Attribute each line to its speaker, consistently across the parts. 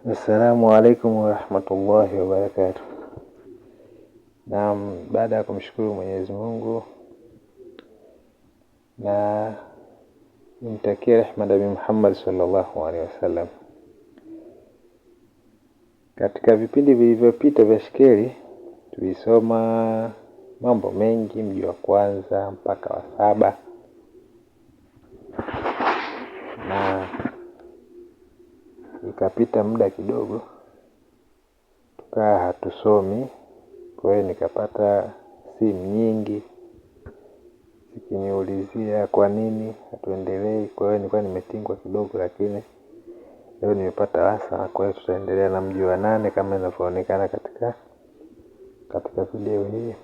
Speaker 1: Assalamu alaikum warahmatullahi wabarakatu Naam, baada ya kumshukuru Mwenyezi Mungu na nimtakie rehma nabi Muhammad sallallahu alaihi wasallam, katika vipindi vilivyopita vya Shikeli tulisoma mambo mengi, mji wa kwanza mpaka wa saba na Ikapita muda kidogo, tukawa hatusomi, kwa hiyo nikapata simu nyingi zikiniulizia kwa nini hatuendelei. Kwa hiyo nilikuwa nimetingwa kidogo, lakini leo nimepata wasaa. Kwa hiyo tutaendelea na mji wa nane kama inavyoonekana katika katika video hii.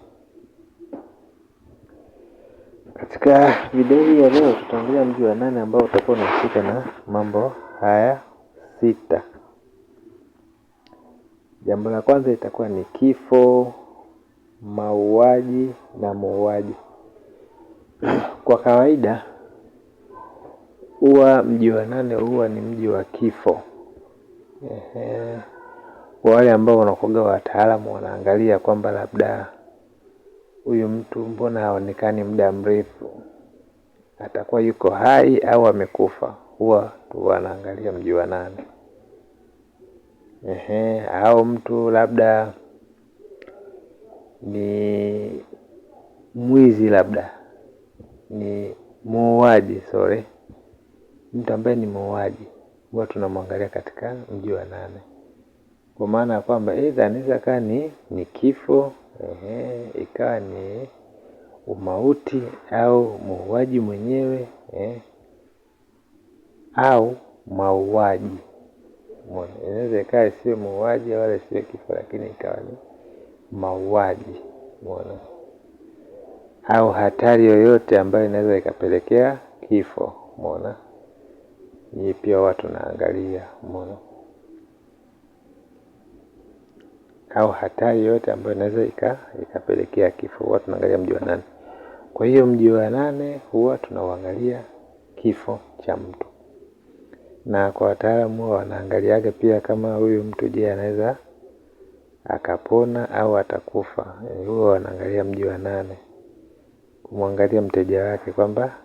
Speaker 1: Katika video hii ya leo tutaangalia mji wa nane ambao utakuwa unahusika na mambo haya sita. Jambo la kwanza itakuwa ni kifo, mauaji na muuaji. Kwa kawaida huwa mji wa nane huwa ni mji wa kifo. Ehe, wale ambao wanakoga, wataalamu wanaangalia kwamba labda huyu mtu mbona haonekani muda mrefu, atakuwa yuko hai au amekufa huwa wanaangalia mji wa nane. Ehe, au mtu labda ni mwizi, labda ni muuaji, sorry, mtu ambaye ni muuaji huwa tunamwangalia katika mji wa nane, kwa maana ya kwamba aidha anaweza kaa ni ni kifo, ehe, ikawa ni umauti au muuaji mwenyewe, ehe au mauaji. Inaweza ikawa isiwe mauaji wala isiwe kifo, lakini ikawa ni mauaji mona, au hatari yoyote ambayo inaweza ikapelekea kifo mona. Hii pia huwa tunaangalia mona, au hatari yoyote ambayo inaweza ikapelekea kifo huwa tunaangalia mji wa nane. Kwa hiyo mji wa nane huwa tunauangalia kifo cha mtu na kwa wataalamu huwa wanaangaliaga pia kama huyu mtu je, anaweza akapona au atakufa. Eh, huwa wanaangalia mji wa nane kumwangalia mteja wake kwamba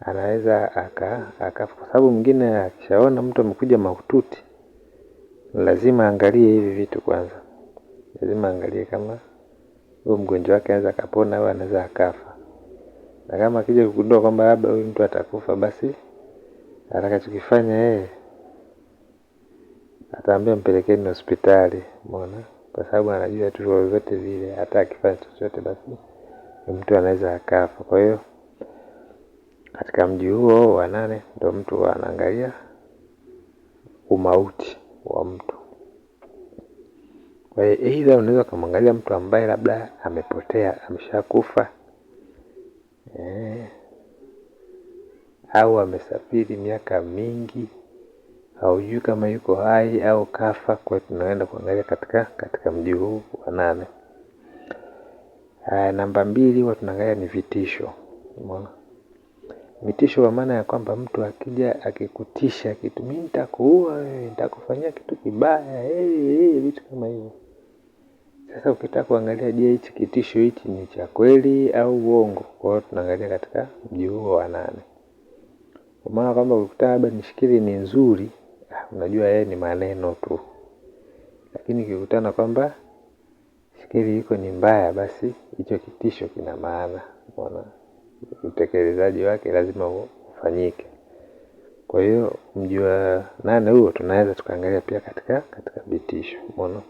Speaker 1: anaweza aka akafa, kwa sababu mwingine akishaona mtu amekuja mahututi lazima angalie hivi vitu kwanza, lazima angalie kama huyu mgonjwa wake anaweza akapona au anaweza akafa, na kama akija kugundua kwamba labda huyu mtu atakufa basi atakachokifanya yeye ataambia mpelekeni hospitali, mbona kwa sababu anajua tu vyovyote vile, hata akifanya chochote basi mtu anaweza akafa. Kwa hiyo katika mji huo wa nane ndo mtu anaangalia umauti wa mtu. Kwa hiyo aidha unaweza ukamwangalia mtu ambaye labda amepotea, ameshakufa eh au amesafiri miaka mingi, haujui kama yuko hai au kafa. Kwa tunaenda kuangalia katika katika mji huu wa nane. namba mbili huwa tunaangalia ni vitisho. Umeona vitisho kwa maana ya kwamba mtu akija akikutisha kitu, mimi nitakuua, nitakufanyia kitu kibaya, hey, vitu kama hivyo. Sasa ukitaka kuangalia, je, hichi kitisho hichi ni cha kweli au uongo? Kwa hiyo tunaangalia katika mji huo wa nane. Kwa maana kwamba ukikuta labda nishikiri ni nzuri, ah, unajua yeye ni maneno tu, lakini ukikutana kwamba shikiri iko ni mbaya, basi hicho kitisho kina maana. Unaona, utekelezaji wake lazima ufanyike. Kwa hiyo mji wa nane huo tunaweza tukaangalia pia katika katika vitisho. Umeona?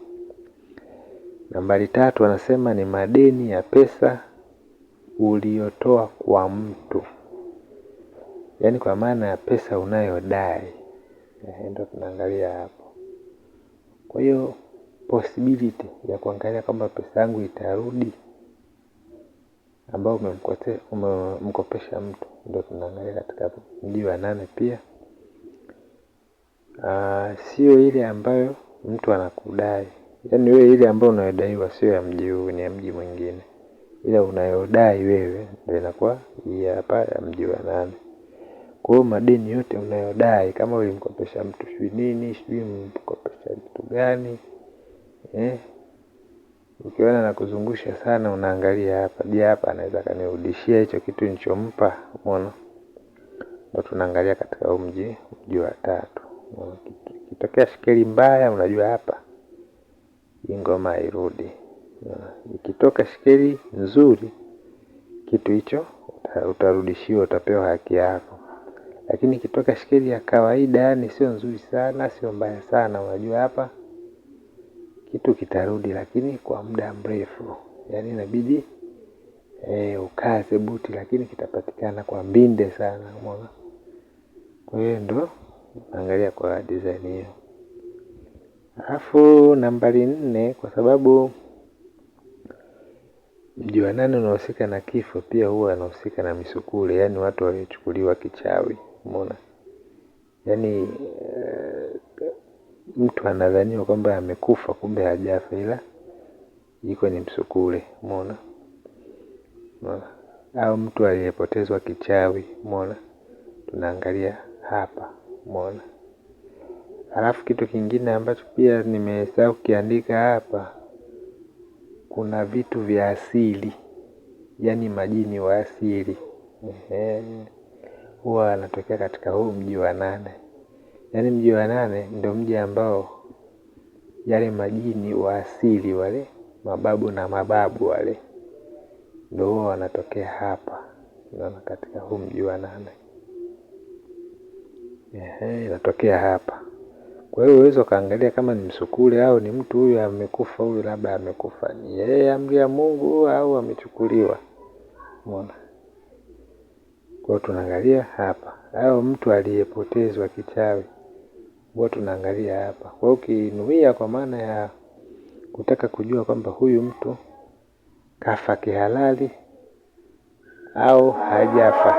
Speaker 1: Nambari tatu anasema ni madeni ya pesa uliyotoa kwa mtu yaani kwa maana ya pesa unayodai ndio tunaangalia hapo. Kwa hiyo possibility ya kuangalia kwamba pesa yangu itarudi ambao umemkopesha mtu ndio tunaangalia katika mji wa nane pia. Uh, sio ile ambayo mtu anakudai, yaani wewe ile ambayo unayodaiwa sio ya mji huu, ni ya mji mwingine, ila unayodai wewe ndio inakuwa hii hapa ya mji wa nane. Kwa hiyo madeni yote unayodai kama ulimkopesha mtu sijui nini sijui mkopesha mtu gani eh, ukiona na kuzungusha sana, unaangalia hapa, je, hapa anaweza kanirudishia hicho kitu nilichompa? Umeona, ndio tunaangalia katika huu mji mji wa tatu. Ikitokea shikeli mbaya, unajua hapa hii ngoma hairudi. Ikitoka shikeli nzuri, kitu hicho utarudishiwa, utapewa haki yako. Lakini ikitoka shikeli ya kawaida yani sio nzuri sana, sio mbaya sana, unajua hapa kitu kitarudi, lakini kwa muda mrefu, yani inabidi e, eh, ukaze buti, lakini kitapatikana kwa mbinde sana, umeona. Kwa hiyo ndo angalia kwa design hiyo. Alafu nambari nne, kwa sababu mjiwa nane unahusika na kifo, pia huwa anahusika na misukule, yaani watu waliochukuliwa kichawi umeona? Yaani eh, mtu anadhaniwa kwamba amekufa kumbe hajafa, ila iko ni msukule, umeona? Au mtu aliyepotezwa kichawi, umeona? Tunaangalia hapa, umeona? alafu kitu kingine ambacho pia nimesahau kukiandika hapa, kuna vitu vya asili, yaani majini wa asili. Ehe huwa anatokea katika huu mji wa nane. Yaani mji wa nane ndio mji ambao yale majini wa asili wale mababu na mababu wale ndio huwa wanatokea hapa, naona katika huu mji wa nane. Ehe, inatokea hapa. Kwa hiyo uwezo ukaangalia kama ni msukule au ni mtu huyu amekufa, huyu labda amekufa ni yeye amri ya Mungu au amechukuliwa. Umeona? Kwa tunaangalia hapa au mtu aliyepotezwa kichawi huwa tunaangalia hapa. Kwa ukinuia kwa maana ya kutaka kujua kwamba huyu mtu kafa kihalali au hajafa.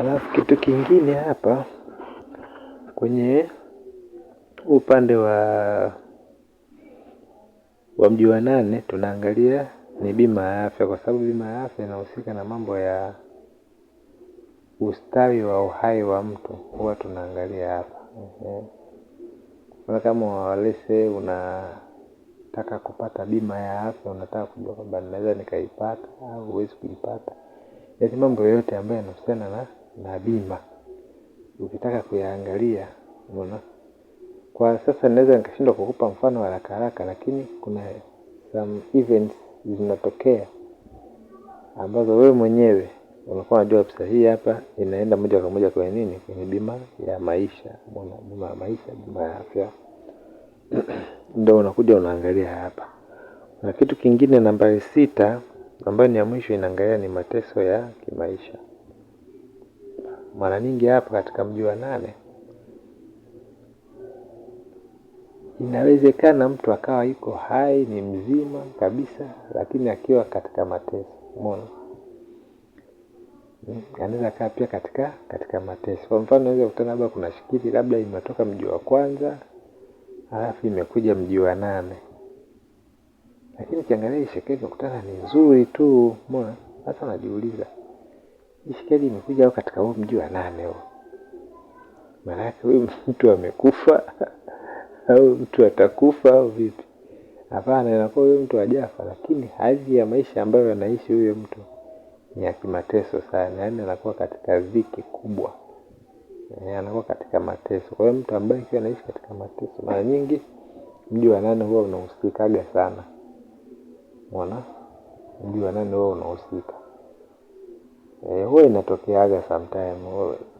Speaker 1: Alafu kitu kingine hapa kwenye upande wa wa mji wa nane tunaangalia ni bima ya afya kwa sababu bima ya afya inahusika na mambo ya ustawi wa uhai wa mtu huwa tunaangalia hapa. mm-hmm. kama walese unataka kupata bima ya afya, unataka kujua kwamba naweza nikaipata au huwezi kuipata, yaani mambo yoyote ambayo yanahusiana na bima ukitaka kuyaangalia, unaona kwa sasa naweza nikashindwa kukupa mfano haraka haraka, lakini kuna some events zinatokea ambazo wewe mwenyewe unakuwa unajua kabisa hii hapa inaenda moja kwa moja kwenye nini, kwenye bima ya maisha, bima ya maisha, bima ya afya ndio unakuja unaangalia hapa. Na kitu kingine nambari sita, ambayo ni ya mwisho, inaangalia ni mateso ya kimaisha. Mara nyingi hapa katika mji wa nane Inawezekana mtu akawa yuko hai ni mzima kabisa, lakini akiwa katika mateso. hmm. anaweza kaa pia katika katika mateso. Kwa mfano, unaweza kutana labda kuna shikiri labda imetoka mji wa kwanza halafu imekuja mji wa nane, lakini ukiangalia ishekeli shekeli imekutana ni nzuri tu. Umeona, sasa najiuliza hii shekeli imekuja au katika huo mji wa nane huo, maana huyu mtu amekufa au mtu atakufa au vipi? Hapana, inakuwa huyo mtu hajafa, lakini hali ya maisha ambayo anaishi huyo mtu ni ya kimateso sana, yaani anakuwa katika dhiki kubwa, yaani anakuwa katika mateso. Kwa hiyo mtu ambaye akiwa anaishi katika mateso, mara nyingi mji wa nane huwa unahusikaga sana, umeona, mji wa nane huwa unahusika E, huwa inatokeaga sometime.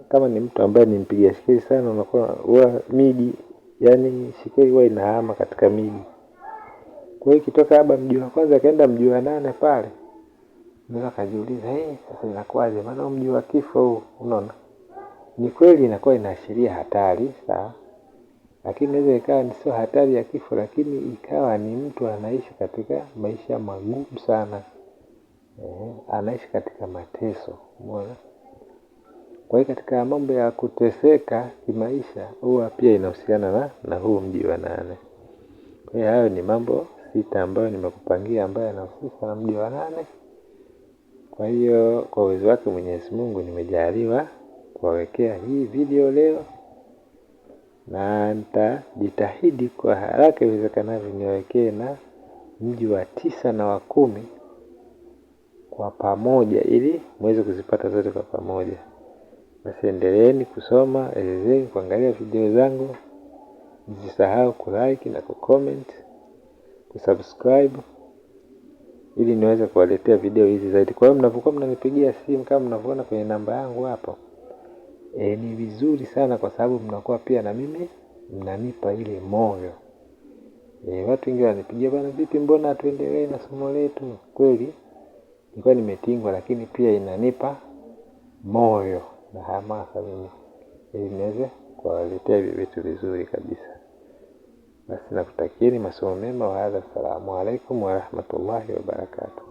Speaker 1: Kama ni mtu ambaye ni mpiga shikeli sana, unakuwa huwa miji yaani shekeli huwa inahama katika miji. Kwa hiyo ikitoka labda mji wa kwanza akaenda mji wa nane pale, unaweza kajiuliza eh, sasa inakuwaje? Maana mji wa kifo huu, unaona ni kweli inakuwa inaashiria hatari sawa, lakini inaweza ikawa ni sio hatari ya kifo, lakini ikawa ni mtu anaishi katika maisha magumu sana, eh, anaishi katika mateso, umeona kwa hiyo katika mambo ya kuteseka kimaisha huwa pia inahusiana na, na huu mji wa nane. Kwa hiyo hayo ni mambo sita ambayo nimekupangia ambayo yanahusika na mji wa nane. Kwa hiyo kwa uwezo wake Mwenyezi Mungu nimejaliwa kuwawekea hii video leo na nitajitahidi kwa haraka iwezekanavyo niwawekee na mji wa tisa na wa kumi kwa pamoja ili muweze kuzipata zote kwa pamoja. Basi endeleeni kusoma, endeleeni kuangalia video zangu, msisahau kulike na kucomment, kusubscribe ili niweze kuwaletea video hizi zaidi. Kwa hiyo mnapokuwa mnanipigia simu kama mnavyoona kwenye namba yangu hapo e, ni vizuri sana kwa sababu mnakuwa pia na mimi mnanipa ile moyo e, watu wengi wananipigia bana, vipi, mbona tuendelee na somo letu? Kweli nilikuwa nimetingwa, lakini pia inanipa moyo na hamasa mimi, ili niweze kuwaletea hivi vitu vizuri kabisa. Basi nakutakieni masomo mema, wahadha, assalamu alaikum warahmatullahi wabarakatuh.